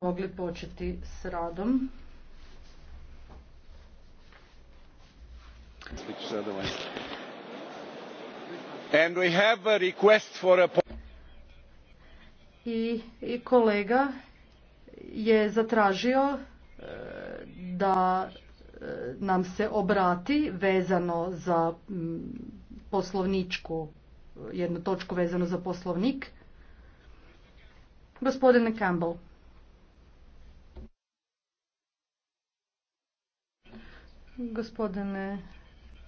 mogli početi s radom. And we have a request for a... I, I kolega je zatražio e, da e, nam se obrati vezano za poslovničku, jednu točku vezano za poslovnik. Gospodine Campbell. Gospodine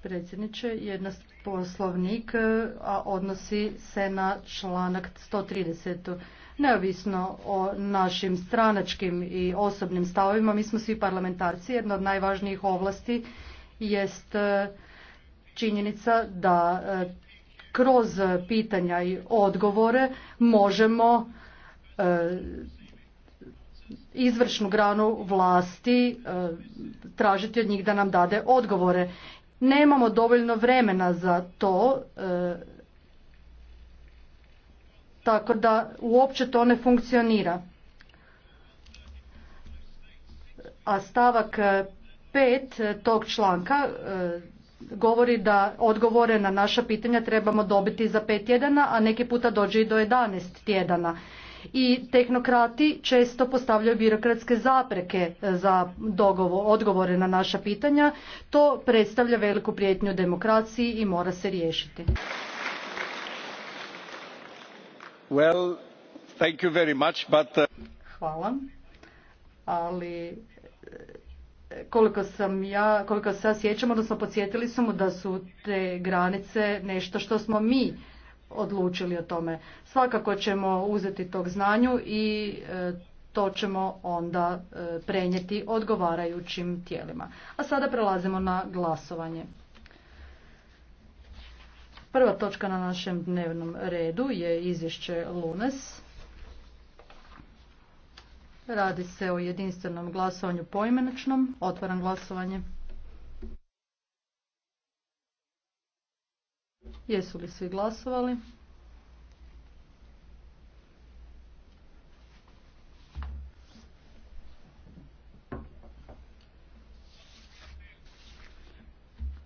predsjedniče, jedna poslovnik, a odnosi se na članak 130. Neovisno o našim stranačkim i osobnim stavovima, mi smo svi parlamentarci. Jedna od najvažnijih ovlasti jest e, činjenica da e, kroz pitanja i odgovore možemo e, izvršnu granu vlasti e, tražiti od njih da nam dade odgovore. Nemamo dovoljno vremena za to, e, tako da uopće to ne funkcionira. A stavak 5 tog članka e, govori da odgovore na naša pitanja trebamo dobiti za 5 tjedana, a neki puta dođe i do 11 tjedana i tehnokrati često postavljaju birokratske zapreke e, za dogovor, odgovore na naša pitanja. To predstavlja veliku prijetnju demokraciji i mora se riješiti. Uh, Hvala. Ali e, koliko sam ja, koliko se ja sjećam, odnosno podsjetili smo da su te granice nešto što smo mi odlučili o tome. Svakako ćemo uzeti tog znanju i e, to ćemo onda e, prenijeti odgovarajućim tijelima. A sada prelazimo na glasovanje. Prva točka na našem dnevnom redu je izvješće Lunes. Radi se o jedinstvenom glasovanju poimenačnom. Otvaram glasovanje. Jesu li svi glasovali?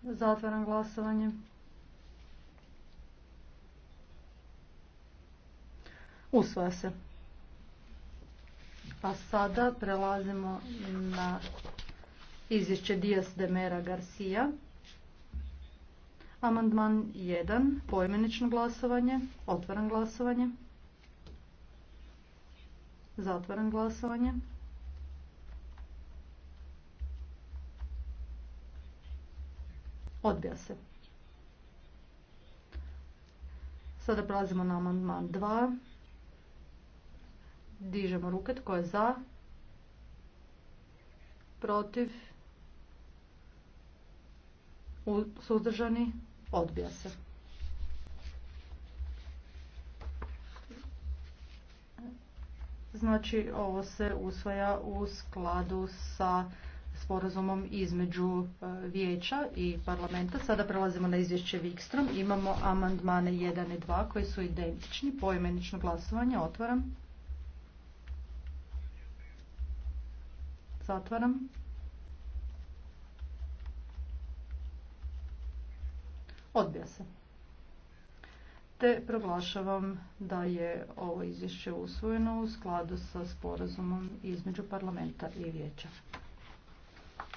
Zatvaram glasovanje. Usvaja se. A pa sada prelazimo na izvješće Dias de Mera Garcia. Amandman 1. Poimenično glasovanje. Otvaram glasovanje. Zatvaram glasovanje. Odbija se. Sada prelazimo na amandman 2. Dižemo ruke. Tko je za? Protiv? Suzdržani? Odbija se. Znači, ovo se usvaja u skladu sa sporazumom između e, vijeća i parlamenta. Sada prelazimo na izvješće Vikstrom. Imamo amandmane 1 i 2 koji su identični. Poimenično glasovanje otvaram. Zatvaram. Odbija se. Te proglašavam da je ovo izvješće usvojeno u skladu sa sporazumom između parlamenta i vijeća.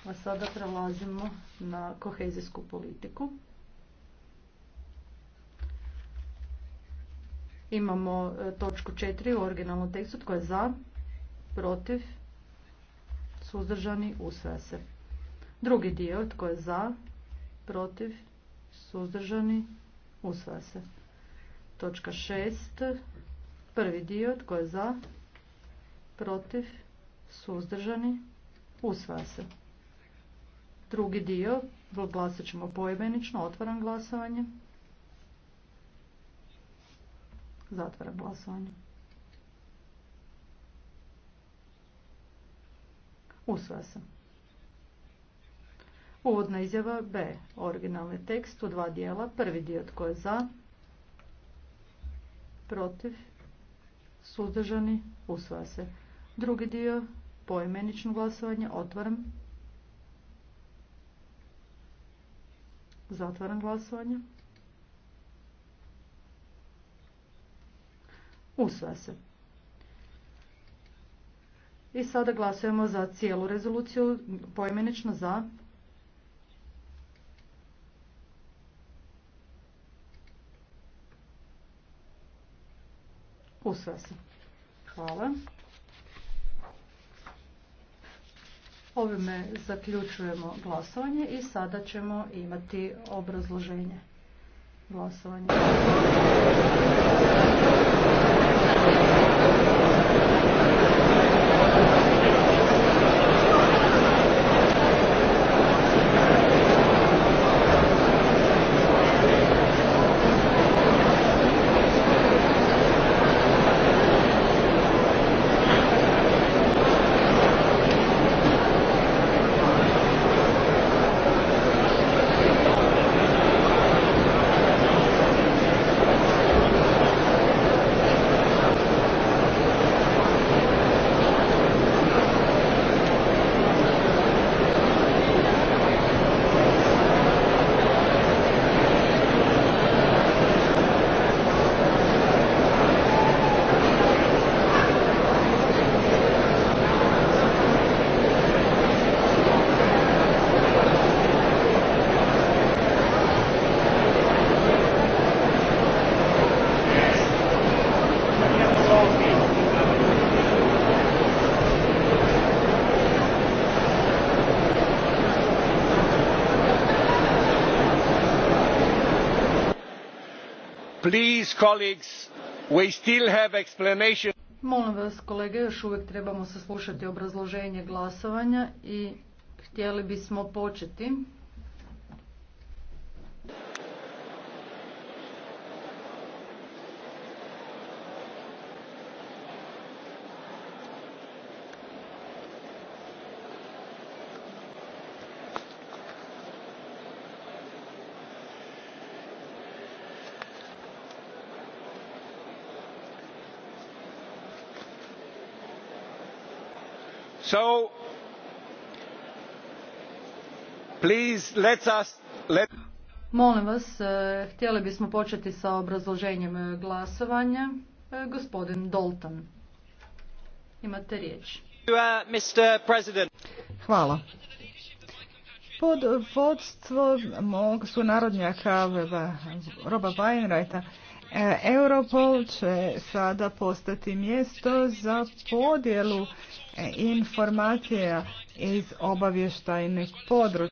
A sada prelazimo na kohezijsku politiku. Imamo e, točku 4 u originalnom tekstu, tko je za, protiv, suzdržani, usvaja se. Drugi dio, tko je za, protiv, suzdržani, usvaja se. Točka 6, prvi dio, tko je za, protiv, suzdržani, usvaja se. Drugi dio, glasat ćemo poimenično, otvaram glasovanje. Zatvaram glasovanje. Usvaja se. Uvodna izjava B. Originalni tekst u dva dijela. Prvi dio tko je za, protiv, suzdržani, usvaja se. Drugi dio, poimenično glasovanje, otvaram. Zatvaram glasovanje. Usvaja se. I sada glasujemo za cijelu rezoluciju, poimenično za, Hvala. Ovime zaključujemo glasovanje i sada ćemo imati obrazloženje glasovanja. Molim vas kolege, još uvijek trebamo saslušati obrazloženje glasovanja i htjeli bismo početi. So, please, let us, Molim vas, e, htjeli bismo početi sa obrazloženjem e, glasovanja. E, gospodin Doltan, imate riječ. Hvala. Pod vodstvom mog sunarodnjaka Roba Weinreita E, Europol će sada postati mjesto za podjelu e, informacija iz obavještajnih područja.